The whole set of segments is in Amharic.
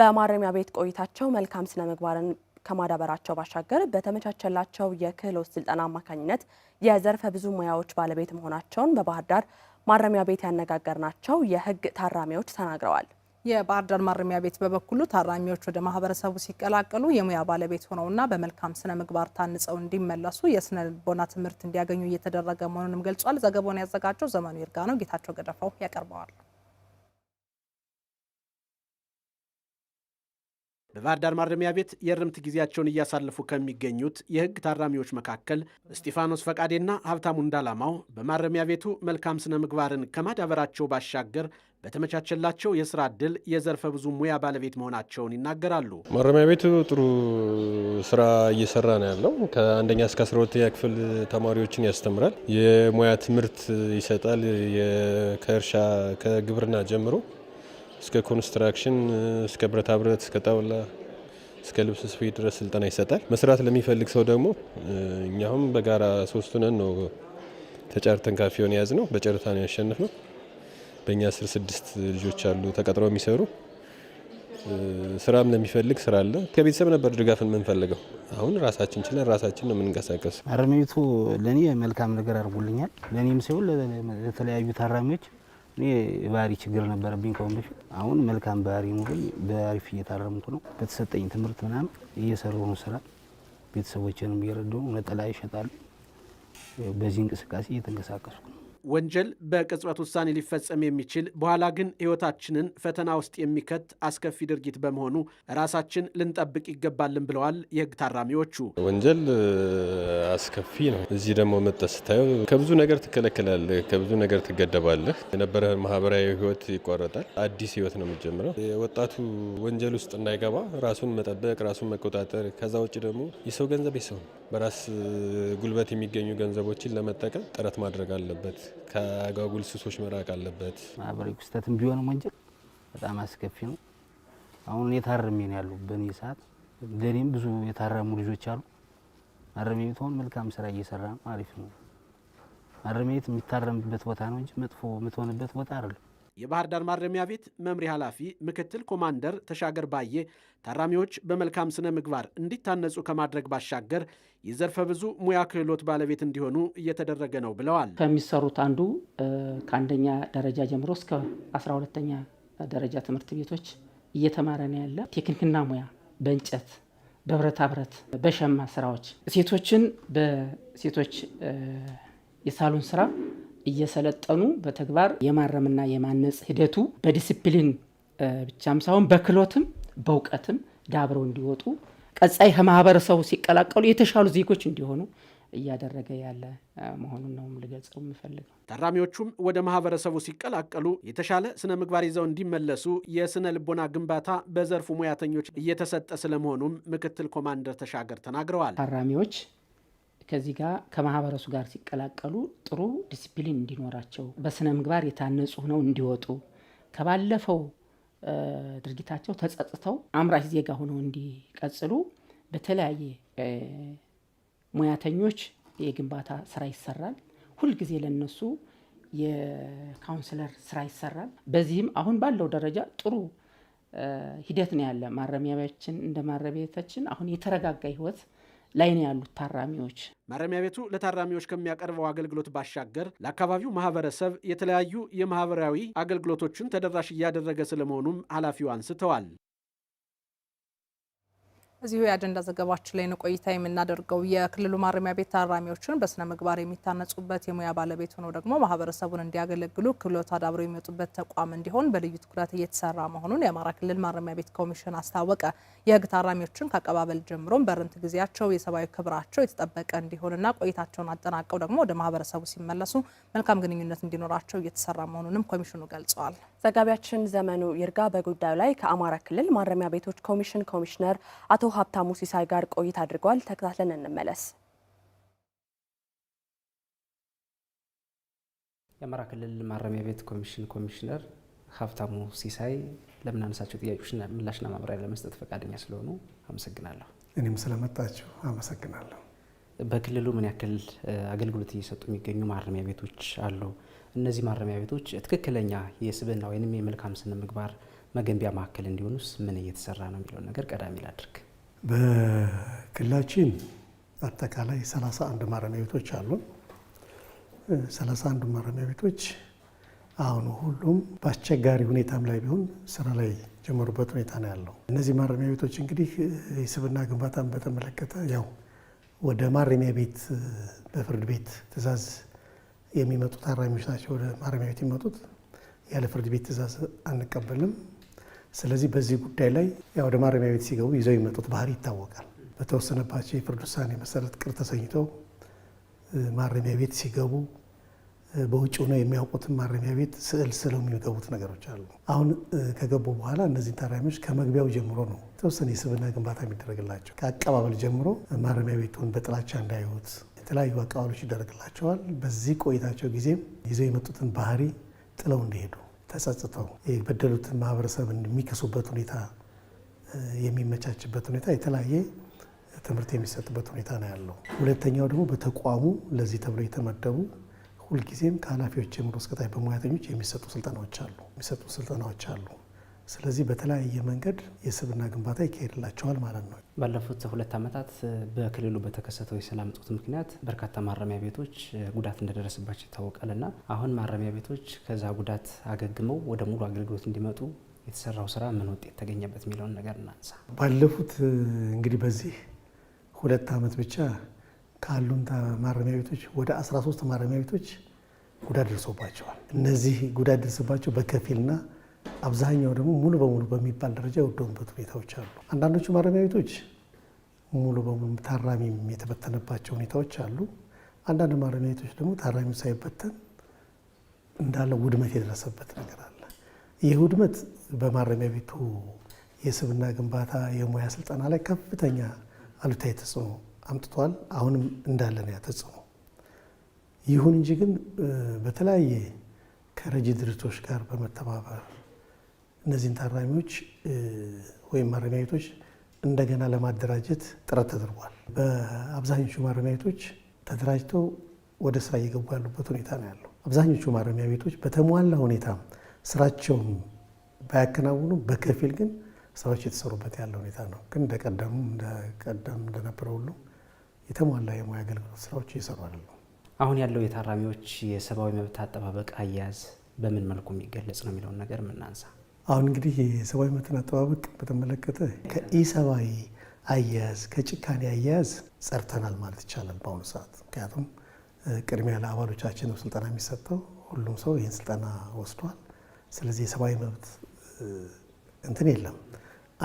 በማረሚያ ቤት ቆይታቸው መልካም ስነ ምግባርን ከማዳበራቸው ባሻገር በተመቻቸላቸው የክህሎት ስልጠና አማካኝነት የዘርፈ ብዙ ሙያዎች ባለቤት መሆናቸውን በባህር ዳር ማረሚያ ቤት ያነጋገርናቸው የህግ ታራሚዎች ተናግረዋል። የባህር ዳር ማረሚያ ቤት በበኩሉ ታራሚዎች ወደ ማህበረሰቡ ሲቀላቀሉ የሙያ ባለቤት ሆነውና በመልካም ስነ ምግባር ታንጸው እንዲመለሱ የስነ ልቦና ትምህርት እንዲያገኙ እየተደረገ መሆኑንም ገልጿል። ዘገባውን ያዘጋጀው ዘመኑ ይርጋ ነው። ጌታቸው ገደፋው ያቀርበዋል። በባህር ዳር ማረሚያ ቤት የእርምት ጊዜያቸውን እያሳለፉ ከሚገኙት የሕግ ታራሚዎች መካከል እስጢፋኖስ ፈቃዴና ሀብታሙ እንዳላማው በማረሚያ ቤቱ መልካም ስነ ምግባርን ከማዳበራቸው ባሻገር በተመቻቸላቸው የስራ እድል የዘርፈ ብዙ ሙያ ባለቤት መሆናቸውን ይናገራሉ። ማረሚያ ቤቱ ጥሩ ስራ እየሰራ ነው ያለው። ከአንደኛ እስከ አስራ ሁለተኛ ክፍል ተማሪዎችን ያስተምራል፣ የሙያ ትምህርት ይሰጣል። ከእርሻ ከግብርና ጀምሮ እስከ ኮንስትራክሽን፣ እስከ ብረታ ብረት፣ እስከ ጣውላ፣ እስከ ልብስ ስፌት ድረስ ስልጠና ይሰጣል። መስራት ለሚፈልግ ሰው ደግሞ እኛሁም በጋራ ሶስቱ ነን ነው ተጫርተን ካፌውን የያዝ ነው። በጨረታ ነው ያሸንፍ ነው። በእኛ ስር ስድስት ልጆች አሉ ተቀጥረው የሚሰሩ ስራም ለሚፈልግ ስራ አለ። ከቤተሰብ ነበር ድጋፍን የምንፈልገው። አሁን ራሳችን ችለን ራሳችን ነው የምንንቀሳቀስ። አርመኝቱ ለእኔ መልካም ነገር አድርጎልኛል። ለእኔም ሲሆን ለተለያዩ ታራሚዎች የባህሪ ችግር ነበረብኝ ከሁን በፊት። አሁን መልካም ባህሪ ኑሮኝ በአሪፍ እየታረምኩ ነው። በተሰጠኝ ትምህርት ምናምን እየሰሩ ነው ስራ፣ ቤተሰቦችንም እየረዳሁ ነጠላ ይሸጣሉ። በዚህ እንቅስቃሴ እየተንቀሳቀስኩ ነው። ወንጀል በቅጽበት ውሳኔ ሊፈጸም የሚችል በኋላ ግን ሕይወታችንን ፈተና ውስጥ የሚከት አስከፊ ድርጊት በመሆኑ ራሳችን ልንጠብቅ ይገባልን ብለዋል የህግ ታራሚዎቹ። ወንጀል አስከፊ ነው። እዚህ ደግሞ መጠን ስታየው ከብዙ ነገር ትከለከላለህ፣ ከብዙ ነገር ትገደባለህ። የነበረ ማህበራዊ ሕይወት ይቋረጣል። አዲስ ሕይወት ነው የምትጀምረው። ወጣቱ ወንጀል ውስጥ እንዳይገባ ራሱን መጠበቅ፣ ራሱን መቆጣጠር። ከዛ ውጭ ደግሞ የሰው ገንዘብ የሰው በራስ ጉልበት የሚገኙ ገንዘቦችን ለመጠቀም ጥረት ማድረግ አለበት። ከአጓጉል ሱሶች መራቅ አለበት። ማህበራዊ ክስተትም ቢሆንም ወንጀል በጣም አስከፊ ነው። አሁን እኔ ታርሜ ነው ያሉ በእኔ ሰዓት ለእኔም ብዙ የታረሙ ልጆች አሉ። ማረሚያ ቤት አሁን መልካም ስራ እየሰራ ነው። አሪፍ ነው። ማረሚያ ቤት የሚታረምበት ቦታ ነው እንጂ መጥፎ የምትሆንበት ቦታ አይደለም። የባህር ዳር ማረሚያ ቤት መምሪያ ኃላፊ ምክትል ኮማንደር ተሻገር ባዬ ታራሚዎች በመልካም ስነ ምግባር እንዲታነጹ ከማድረግ ባሻገር የዘርፈ ብዙ ሙያ ክህሎት ባለቤት እንዲሆኑ እየተደረገ ነው ብለዋል። ከሚሰሩት አንዱ ከአንደኛ ደረጃ ጀምሮ እስከ አስራ ሁለተኛ ደረጃ ትምህርት ቤቶች እየተማረ ነው ያለ ቴክኒክና ሙያ በእንጨት በብረታ ብረት በሸማ ስራዎች ሴቶችን በሴቶች የሳሎን ስራ እየሰለጠኑ በተግባር የማረምና የማነጽ ሂደቱ በዲስፕሊን ብቻም ሳይሆን በክሎትም በእውቀትም ዳብረው እንዲወጡ ቀጻይ ከማህበረሰቡ ሲቀላቀሉ የተሻሉ ዜጎች እንዲሆኑ እያደረገ ያለ መሆኑን ነው ልገልጸው የምፈልገው። ታራሚዎቹም ወደ ማህበረሰቡ ሲቀላቀሉ የተሻለ ስነ ምግባር ይዘው እንዲመለሱ የስነ ልቦና ግንባታ በዘርፉ ሙያተኞች እየተሰጠ ስለመሆኑም ምክትል ኮማንደር ተሻገር ተናግረዋል። ታራሚዎች ከዚህ ጋር ከማህበረሱ ጋር ሲቀላቀሉ ጥሩ ዲሲፕሊን እንዲኖራቸው በስነ ምግባር የታነጹ ሆነው እንዲወጡ ከባለፈው ድርጊታቸው ተጸጽተው አምራች ዜጋ ሆነው እንዲቀጽሉ በተለያየ ሙያተኞች የግንባታ ስራ ይሰራል። ሁልጊዜ ለነሱ የካውንስለር ስራ ይሰራል። በዚህም አሁን ባለው ደረጃ ጥሩ ሂደት ነው ያለ። ማረሚያችን እንደ ማረሚያቤታችን አሁን የተረጋጋ ህይወት ላይ ነው ያሉት ታራሚዎች። ማረሚያ ቤቱ ለታራሚዎች ከሚያቀርበው አገልግሎት ባሻገር ለአካባቢው ማህበረሰብ የተለያዩ የማህበራዊ አገልግሎቶችን ተደራሽ እያደረገ ስለመሆኑም ኃላፊው አንስተዋል። እዚሁ የአጀንዳ ዘገባችን ላይ ነው ቆይታ የምናደርገው። የክልሉ ማረሚያ ቤት ታራሚዎችን በስነ ምግባር የሚታነጹበት የሙያ ባለቤት ሆነው ደግሞ ማህበረሰቡን እንዲያገለግሉ ክህሎት አዳብረው የሚወጡበት ተቋም እንዲሆን በልዩ ትኩረት እየተሰራ መሆኑን የአማራ ክልል ማረሚያ ቤት ኮሚሽን አስታወቀ። የህግ ታራሚዎችን ከአቀባበል ጀምሮም በርንት ጊዜያቸው የሰብአዊ ክብራቸው የተጠበቀ እንዲሆንና ቆይታቸውን አጠናቀው ደግሞ ወደ ማህበረሰቡ ሲመለሱ መልካም ግንኙነት እንዲኖራቸው እየተሰራ መሆኑንም ኮሚሽኑ ገልጸዋል። ዘጋቢያችን ዘመኑ ይርጋ በጉዳዩ ላይ ከአማራ ክልል ማረሚያ ቤቶች ኮሚሽን ኮሚሽነር አቶ ሀብታሙ ሲሳይ ጋር ቆይታ አድርጓል። ተከታትለን እንመለስ። የአማራ ክልል ማረሚያ ቤት ኮሚሽን ኮሚሽነር ሀብታሙ ሲሳይ ለምናነሳቸው ጥያቄዎች ምላሽና ማብራሪያ ለመስጠት ፈቃደኛ ስለሆኑ አመሰግናለሁ። እኔም ስለመጣችሁ አመሰግናለሁ። በክልሉ ምን ያክል አገልግሎት እየሰጡ የሚገኙ ማረሚያ ቤቶች አሉ? እነዚህ ማረሚያ ቤቶች ትክክለኛ የስብና ወይም የመልካም ስነ ምግባር መገንቢያ ማዕከል እንዲሆኑስ ምን እየተሰራ ነው የሚለውን ነገር ቀዳሚ ላድርግ። በክልላችን አጠቃላይ 31 ማረሚያ ቤቶች አሉ። 31 ማረሚያ ቤቶች አሁን ሁሉም በአስቸጋሪ ሁኔታም ላይ ቢሆን ስራ ላይ ጀመሩበት ሁኔታ ነው ያለው። እነዚህ ማረሚያ ቤቶች እንግዲህ የስብና ግንባታን በተመለከተ ያው ወደ ማረሚያ ቤት በፍርድ ቤት ትዕዛዝ የሚመጡ ታራሚዎች ናቸው ወደ ማረሚያ ቤት የሚመጡት። ያለ ፍርድ ቤት ትእዛዝ አንቀበልም። ስለዚህ በዚህ ጉዳይ ላይ ወደ ማረሚያ ቤት ሲገቡ ይዘው የሚመጡት ባህሪ ይታወቃል። በተወሰነባቸው የፍርድ ውሳኔ መሰረት ቅር ተሰኝተው ማረሚያ ቤት ሲገቡ በውጭ ሆነው የሚያውቁትን ማረሚያ ቤት ስዕል ስለው የሚገቡት ነገሮች አሉ። አሁን ከገቡ በኋላ እነዚህ ታራሚዎች ከመግቢያው ጀምሮ ነው የተወሰነ የስብዕና ግንባታ የሚደረግላቸው። ከአቀባበል ጀምሮ ማረሚያ ቤቱን በጥላቻ እንዳይሁት የተለያዩ አቀባበሎች ይደረግላቸዋል። በዚህ ቆይታቸው ጊዜም ይዘው የመጡትን ባህሪ ጥለው እንዲሄዱ ተጸጽተው የበደሉትን ማህበረሰብ የሚከሱበት ሁኔታ የሚመቻችበት ሁኔታ የተለያየ ትምህርት የሚሰጥበት ሁኔታ ነው ያለው። ሁለተኛው ደግሞ በተቋሙ ለዚህ ተብለው የተመደቡ ሁልጊዜም ከኃላፊዎች ጀምሮ እስከታች በሙያተኞች የሚሰጡ ስልጠናዎች አሉ የሚሰጡ ስልጠናዎች አሉ። ስለዚህ በተለያየ መንገድ የስብና ግንባታ ይካሄድላቸዋል ማለት ነው። ባለፉት ሁለት ዓመታት በክልሉ በተከሰተው የሰላም እጦት ምክንያት በርካታ ማረሚያ ቤቶች ጉዳት እንደደረሰባቸው ይታወቃል እና አሁን ማረሚያ ቤቶች ከዛ ጉዳት አገግመው ወደ ሙሉ አገልግሎት እንዲመጡ የተሰራው ስራ ምን ውጤት ተገኘበት የሚለውን ነገር እናንሳ። ባለፉት እንግዲህ በዚህ ሁለት ዓመት ብቻ ካሉን ማረሚያ ቤቶች ወደ 13 ማረሚያ ቤቶች ጉዳት ደርሶባቸዋል። እነዚህ ጉዳት ደርስባቸው በከፊልና አብዛኛው ደግሞ ሙሉ በሙሉ በሚባል ደረጃ የወደሙበት ሁኔታዎች አሉ። አንዳንዶቹ ማረሚያ ቤቶች ሙሉ በሙሉ ታራሚ የተበተነባቸው ሁኔታዎች አሉ። አንዳንድ ማረሚያ ቤቶች ደግሞ ታራሚው ሳይበተን እንዳለ ውድመት የደረሰበት ነገር አለ። ይህ ውድመት በማረሚያ ቤቱ የስብና ግንባታ የሙያ ስልጠና ላይ ከፍተኛ አሉታዊ ተጽዕኖ አምጥቷል። አሁንም እንዳለ ነው ያተጽዕኖ። ይሁን እንጂ ግን በተለያየ ከረጂ ድርጅቶች ጋር በመተባበር እነዚህን ታራሚዎች ወይም ማረሚያ ቤቶች እንደገና ለማደራጀት ጥረት ተደርጓል። በአብዛኞቹ ማረሚያ ቤቶች ተደራጅተው ወደ ስራ እየገቡ ያሉበት ሁኔታ ነው ያለው። አብዛኞቹ ማረሚያ ቤቶች በተሟላ ሁኔታ ስራቸውን ባያከናውኑም በከፊል ግን ስራዎች የተሰሩበት ያለ ሁኔታ ነው። ግን እንደቀደሙ እንደቀደም እንደነበረ ሁሉ የተሟላ የሙያ አገልግሎት ስራዎች እየሰሩ አይደለም። አሁን ያለው የታራሚዎች የሰብአዊ መብት አጠባበቅ አያያዝ በምን መልኩ የሚገለጽ ነው የሚለውን ነገር የምናንሳ አሁን እንግዲህ የሰብአዊ መብትን አጠባበቅ በተመለከተ ከኢሰብአዊ አያያዝ ከጭካኔ አያያዝ ጸርተናል ማለት ይቻላል በአሁኑ ሰዓት። ምክንያቱም ቅድሚያ ለአባሎቻችን ነው ስልጠና የሚሰጠው። ሁሉም ሰው ይህን ስልጠና ወስዷል። ስለዚህ የሰብአዊ መብት እንትን የለም።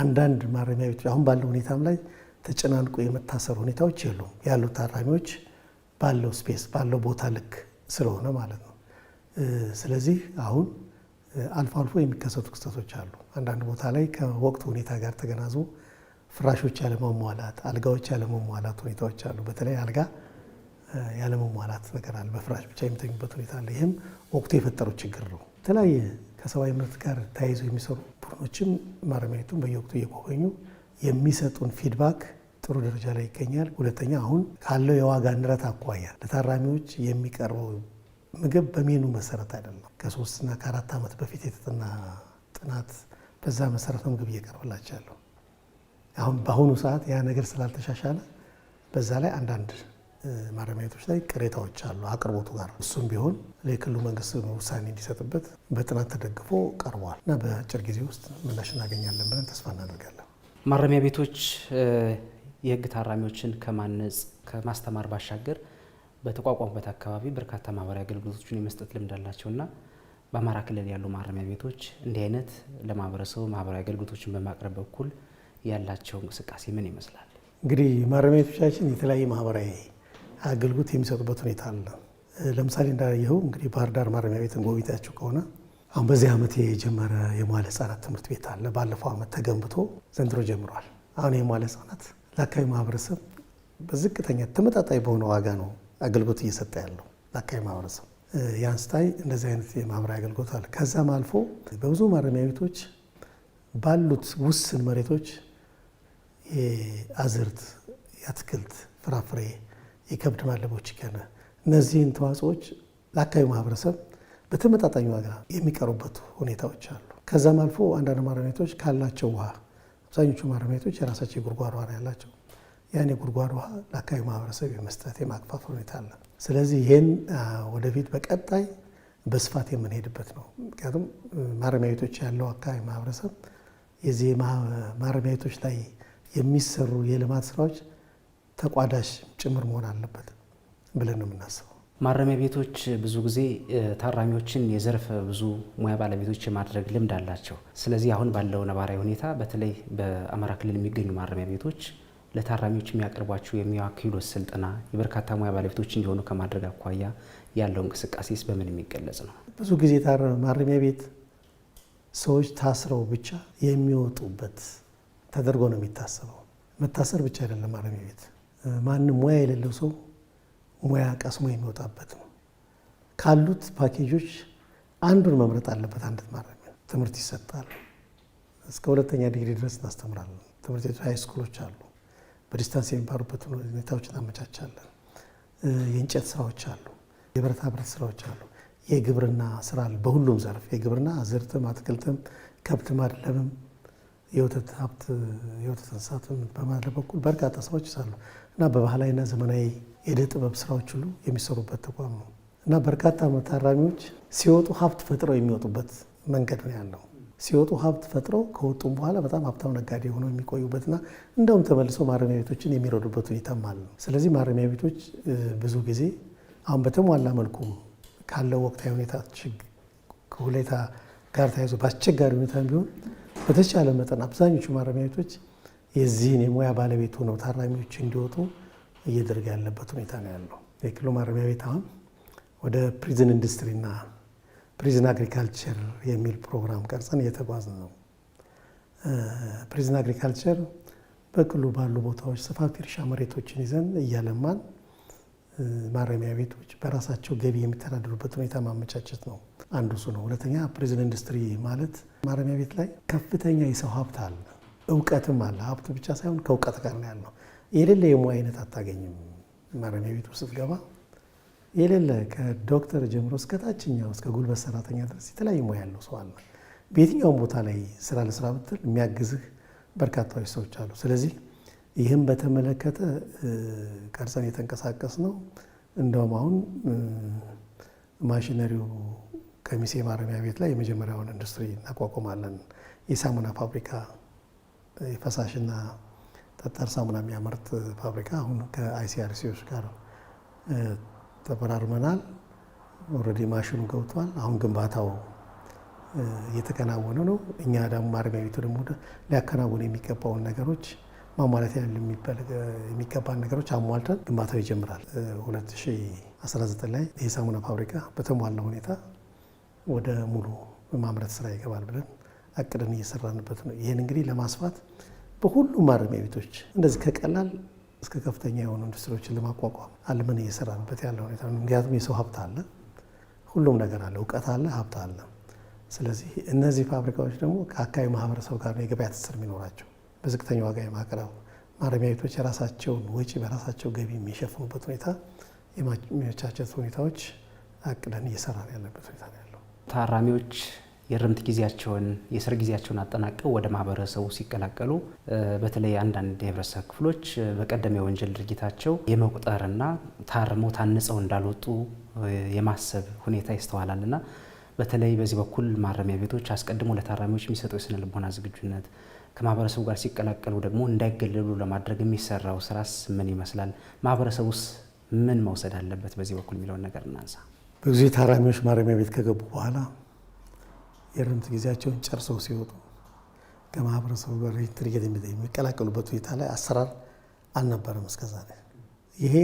አንዳንድ ማረሚያ ቤቶች አሁን ባለው ሁኔታም ላይ ተጨናንቆ የመታሰር ሁኔታዎች የሉም። ያሉት ታራሚዎች ባለው ስፔስ ባለው ቦታ ልክ ስለሆነ ማለት ነው። ስለዚህ አሁን አልፎ አልፎ የሚከሰቱ ክስተቶች አሉ። አንዳንድ ቦታ ላይ ከወቅቱ ሁኔታ ጋር ተገናዝቦ ፍራሾች ያለመሟላት፣ አልጋዎች ያለመሟላት ሁኔታዎች አሉ። በተለይ አልጋ ያለመሟላት ነገር አለ። በፍራሽ ብቻ የሚተኙበት ሁኔታ አለ። ይህም ወቅቱ የፈጠረው ችግር ነው። የተለያየ ከሰብአዊ መብት ጋር ተያይዘው የሚሰሩ ቡድኖችም ማረሚያ ቤቱን በየወቅቱ እየጎበኙ የሚሰጡን ፊድባክ ጥሩ ደረጃ ላይ ይገኛል። ሁለተኛ አሁን ካለው የዋጋ ንረት አኳያ ለታራሚዎች የሚቀርበው ምግብ በሜኑ መሰረት አይደለም። ከሶስትና ከአራት ዓመት በፊት የተጠና ጥናት በዛ መሰረት ነው ምግብ ያለው አሁን በአሁኑ ሰዓት ያ ነገር ስላልተሻሻለ በዛ ላይ አንዳንድ ማረሚያ ቤቶች ላይ ቅሬታዎች አሉ አቅርቦቱ ጋር። እሱም ቢሆን ለክልሉ መንግስት ውሳኔ እንዲሰጥበት በጥናት ተደግፎ ቀርቧል እና በአጭር ጊዜ ውስጥ ምላሽ እናገኛለን ብለን ተስፋ እናደርጋለን። ማረሚያ ቤቶች የህግ ታራሚዎችን ከማነጽ ከማስተማር ባሻገር በተቋቋሙበት አካባቢ በርካታ ማህበራዊ አገልግሎቶችን የመስጠት ልምድ አላቸውና በአማራ ክልል ያሉ ማረሚያ ቤቶች እንዲህ አይነት ለማህበረሰቡ ማህበራዊ አገልግሎቶችን በማቅረብ በኩል ያላቸው እንቅስቃሴ ምን ይመስላል? እንግዲህ ማረሚያ ቤቶቻችን የተለያየ ማህበራዊ አገልግሎት የሚሰጡበት ሁኔታ አለ። ለምሳሌ እንዳየኸው እንግዲህ ባህር ዳር ማረሚያ ቤትን ጎብኝታችሁ ከሆነ አሁን በዚህ ዓመት የጀመረ የመዋለ ህጻናት ትምህርት ቤት አለ። ባለፈው ዓመት ተገንብቶ ዘንድሮ ጀምሯል። አሁን የመዋለ ህጻናት ለአካባቢ ማህበረሰብ በዝቅተኛ ተመጣጣኝ በሆነ ዋጋ ነው አገልግሎት እየሰጠ ያለው ለአካባቢ ማህበረሰብ የአንስታይ እንደዚህ አይነት የማህበራዊ አገልግሎት አለ። ከዛም አልፎ በብዙ ማረሚያ ቤቶች ባሉት ውስን መሬቶች የአዝርት፣ የአትክልት፣ ፍራፍሬ፣ የከብድ ማለቦች ከነ እነዚህን ተዋጽኦች ለአካባቢ ማህበረሰብ በተመጣጣኝ ዋጋ የሚቀሩበት ሁኔታዎች አሉ። ከዛም አልፎ አንዳንድ ማረሚያ ቤቶች ካላቸው ውሃ አብዛኞቹ ማረሚያ ቤቶች የራሳቸው የጉድጓድ ውሃ ያላቸው ያን የጉድጓድ ውሃ ለአካባቢ ማህበረሰብ የመስጠት የማቅፋት ሁኔታ አለ። ስለዚህ ይህን ወደፊት በቀጣይ በስፋት የምንሄድበት ነው። ምክንያቱም ማረሚያ ቤቶች ያለው አካባቢ ማህበረሰብ የዚህ ማረሚያ ቤቶች ላይ የሚሰሩ የልማት ስራዎች ተቋዳሽ ጭምር መሆን አለበት ብለን ነው የምናስበው። ማረሚያ ቤቶች ብዙ ጊዜ ታራሚዎችን የዘርፈ ብዙ ሙያ ባለቤቶች የማድረግ ልምድ አላቸው። ስለዚህ አሁን ባለው ነባራዊ ሁኔታ በተለይ በአማራ ክልል የሚገኙ ማረሚያ ቤቶች ለታራሚዎች የሚያቀርቧቸው የሙያ ክህሎት ስልጠና የበርካታ ሙያ ባለቤቶች እንዲሆኑ ከማድረግ አኳያ ያለው እንቅስቃሴስ በምን የሚገለጽ ነው? ብዙ ጊዜ ማረሚያ ቤት ሰዎች ታስረው ብቻ የሚወጡበት ተደርጎ ነው የሚታሰበው። መታሰር ብቻ አይደለም ማረሚያ ቤት፣ ማንም ሙያ የሌለው ሰው ሙያ ቀስሞ የሚወጣበት ነው። ካሉት ፓኬጆች አንዱን መምረጥ አለበት። አንድ ማረሚያ ትምህርት ይሰጣል። እስከ ሁለተኛ ዲግሪ ድረስ እናስተምራለን። ትምህርት ቤቶች ሃይስኩሎች አሉ። በዲስታንስ የሚባሩበት ሁኔታዎች እናመቻቻለን። የእንጨት ስራዎች አሉ፣ የብረታ ብረት ስራዎች አሉ፣ የግብርና ስራ አለ። በሁሉም ዘርፍ የግብርና አዝርትም፣ አትክልትም፣ ከብት ማድለብም፣ የወተት ሀብት የወተት እንስሳትም በማድለብ በኩል በርካታ ስራዎች ይሳሉ እና በባህላዊና ዘመናዊ የእደ ጥበብ ስራዎች ሁሉ የሚሰሩበት ተቋም ነው እና በርካታ ታራሚዎች ሲወጡ ሀብት ፈጥረው የሚወጡበት መንገድ ነው ያለው። ሲወጡ ሀብት ፈጥረው ከወጡም በኋላ በጣም ሀብታም ነጋዴ ሆነው የሚቆዩበትና እንደውም ተመልሰው ማረሚያ ቤቶችን የሚረዱበት ሁኔታ አለ። ስለዚህ ማረሚያ ቤቶች ብዙ ጊዜ አሁን በተሟላ መልኩ ካለው ወቅታዊ ሁኔታ ሁኔታ ጋር ተያይዞ በአስቸጋሪ ሁኔታ ቢሆን በተቻለ መጠን አብዛኞቹ ማረሚያ ቤቶች የዚህን የሙያ ባለቤት ሆነው ታራሚዎች እንዲወጡ እየደረገ ያለበት ሁኔታ ነው ያለው። የክልሉ ማረሚያ ቤት አሁን ወደ ፕሪዝን ኢንዱስትሪና ፕሪዝን አግሪካልቸር የሚል ፕሮግራም ቀርጸን እየተጓዝ ነው። ፕሪዝን አግሪካልቸር በቅሉ ባሉ ቦታዎች ሰፋፊ እርሻ መሬቶችን ይዘን እያለማን ማረሚያ ቤቶች በራሳቸው ገቢ የሚተዳደሩበት ሁኔታ ማመቻቸት ነው። አንዱ እሱ ነው። ሁለተኛ ፕሪዝን ኢንዱስትሪ ማለት ማረሚያ ቤት ላይ ከፍተኛ የሰው ሀብት አለ፣ እውቀትም አለ። ሀብቱ ብቻ ሳይሆን ከእውቀት ጋር ነው ያለው። የሌለ የሙያ አይነት አታገኝም ማረሚያ ቤቱ ስትገባ የሌለ ከዶክተር ጀምሮ እስከ ታችኛው እስከ ጉልበት ሰራተኛ ድረስ የተለያዩ ሙያ ያለው ሰው አለ። በየትኛውም ቦታ ላይ ስራ ለስራ ብትል የሚያግዝህ በርካታዎች ሰዎች አሉ። ስለዚህ ይህም በተመለከተ ቀርጸን የተንቀሳቀስ ነው። እንደውም አሁን ማሽነሪው ከሚሴ ማረሚያ ቤት ላይ የመጀመሪያውን ኢንዱስትሪ እናቋቁማለን። የሳሙና ፋብሪካ የፈሳሽና ጠጠር ሳሙና የሚያመርት ፋብሪካ አሁን ከአይሲአርሲዎች ጋር ተፈራርመናል። ኦልሬዲ ማሽኑ ገብቷል። አሁን ግንባታው እየተከናወነ ነው። እኛ ደግሞ ማረሚያ ቤቱ ደግሞ ሊያከናውኑ የሚገባውን ነገሮች ማሟላት ያሉ የሚገባን ነገሮች አሟልተን ግንባታው ይጀምራል። 2019 ላይ ይህ ሳሙና ፋብሪካ በተሟላ ሁኔታ ወደ ሙሉ ማምረት ስራ ይገባል ብለን አቅደን እየሰራንበት ነው። ይህን እንግዲህ ለማስፋት በሁሉም ማረሚያ ቤቶች እንደዚህ ከቀላል እስከ ከፍተኛ የሆኑ ኢንዱስትሪዎችን ለማቋቋም አልመን እየሰራንበት ያለ ሁኔታ ነው። ምክንያቱም የሰው ሀብት አለ፣ ሁሉም ነገር አለ፣ እውቀት አለ፣ ሀብት አለ። ስለዚህ እነዚህ ፋብሪካዎች ደግሞ ከአካባቢ ማህበረሰብ ጋር ነው የገበያ ትስስር የሚኖራቸው በዝቅተኛ ዋጋ የማቅረብ ማረሚያ ቤቶች የራሳቸውን ወጪ በራሳቸው ገቢ የሚሸፍኑበት ሁኔታ የማመቻቸት ሁኔታዎች አቅደን እየሰራን ያለበት ሁኔታ ነው ያለው ታራሚዎች የእርምት ጊዜያቸውን የስር ጊዜያቸውን አጠናቀው ወደ ማህበረሰቡ ሲቀላቀሉ በተለይ አንዳንድ የህብረተሰብ ክፍሎች በቀደም የወንጀል ድርጊታቸው የመቁጠርና ታርመው ታንጸው እንዳልወጡ የማሰብ ሁኔታ ይስተዋላልና በተለይ በዚህ በኩል ማረሚያ ቤቶች አስቀድሞ ለታራሚዎች የሚሰጠው የስነ ልቦና ዝግጁነት ከማህበረሰቡ ጋር ሲቀላቀሉ ደግሞ እንዳይገለሉ ለማድረግ የሚሰራው ስራስ ምን ይመስላል? ማህበረሰቡስ ምን መውሰድ አለበት? በዚህ በኩል የሚለውን ነገር እናንሳ። ብዙ ታራሚዎች ማረሚያ ቤት ከገቡ በኋላ የእርምት ጊዜያቸውን ጨርሰው ሲወጡ ከማህበረሰቡ ጋር ትርጌት የሚቀላቀሉበት ሁኔታ ላይ አሰራር አልነበረም እስከዛ ላይ። ይሄ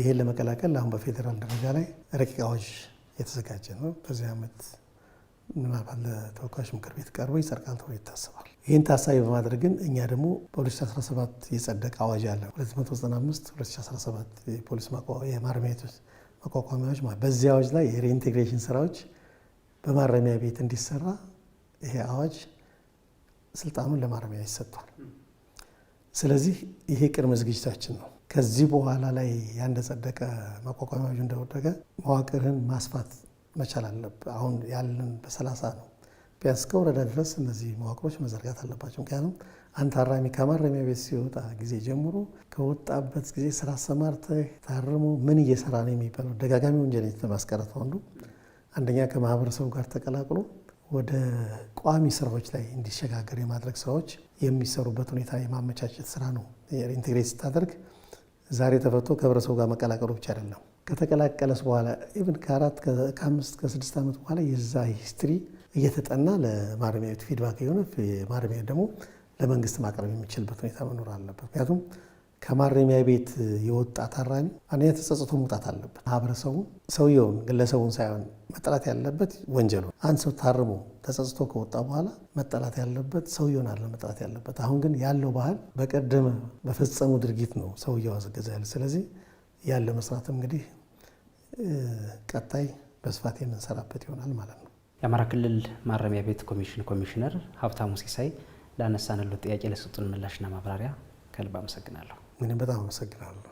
ይሄን ለመቀላቀል አሁን በፌዴራል ደረጃ ላይ ረቂቅ አዋጅ የተዘጋጀ ነው። በዚህ ዓመት ምናልባት ለተወካዮች ምክር ቤት ቀርቦ ይጸድቃል ተብሎ ይታሰባል። ይህን ታሳቢ በማድረግ ግን እኛ ደግሞ በ2017 የጸደቀ አዋጅ አለ 295 2017 የፖሊስ የማረሚያ ቤቶች መቋቋሚያዎች በዚህ አዋጅ ላይ የሪኢንቴግሬሽን ስራዎች በማረሚያ ቤት እንዲሰራ ይሄ አዋጅ ስልጣኑን ለማረሚያ ቤት ሰጥቷል። ስለዚህ ይሄ ቅድመ ዝግጅታችን ነው። ከዚህ በኋላ ላይ ያንደጸደቀ ማቋቋሚያ አዋጁ እንደወደቀ መዋቅርህን ማስፋት መቻል አለብ። አሁን ያለን በሰላሳ ነው። ቢያንስ ከወረዳ ድረስ እነዚህ መዋቅሮች መዘርጋት አለባቸው። ምክንያቱም አንድ ታራሚ ከማረሚያ ቤት ሲወጣ ጊዜ ጀምሮ ከወጣበት ጊዜ ስራ አሰማርተህ ታርሞ ምን እየሰራ ነው የሚባለው ደጋጋሚ ወንጀል ማስቀረት አንዱ አንደኛ ከማህበረሰቡ ጋር ተቀላቅሎ ወደ ቋሚ ስራዎች ላይ እንዲሸጋገር የማድረግ ስራዎች የሚሰሩበት ሁኔታ የማመቻቸት ስራ ነው። ኢንቴግሬት ስታደርግ ዛሬ ተፈቶ ከህብረተሰቡ ጋር መቀላቀሉ ብቻ አይደለም። ከተቀላቀለስ በኋላ ኢቭን ከአራት ከአምስት ከስድስት ዓመት በኋላ የዛ ሂስትሪ እየተጠና ለማረሚያ ቤት ፊድባክ የሆነ ማረሚያ ደግሞ ለመንግስት ማቅረብ የሚችልበት ሁኔታ መኖር አለበት። ምክንያቱም ከማረሚያ ቤት የወጣ ታራሚ አንደኛ ተጸጽቶ መውጣት አለበት። ማህበረሰቡ ሰውየውን ግለሰቡን ሳይሆን መጠላት ያለበት ወንጀሉ። አንድ ሰው ታርሞ ተጸጽቶ ከወጣ በኋላ መጠላት ያለበት ሰውየውን አለ መጠላት ያለበት። አሁን ግን ያለው ባህል በቀደመ በፈጸሙ ድርጊት ነው ሰውየው አስገዛ ያለ። ስለዚህ ያለ መስራት እንግዲህ ቀጣይ በስፋት የምንሰራበት ይሆናል ማለት ነው። የአማራ ክልል ማረሚያ ቤት ኮሚሽን ኮሚሽነር ሀብታሙ ሲሳይ ላነሳንሎት ጥያቄ ለሰጡን ምላሽና ማብራሪያ ከልብ አመሰግናለሁ። ምንም በጣም አመሰግናለሁ።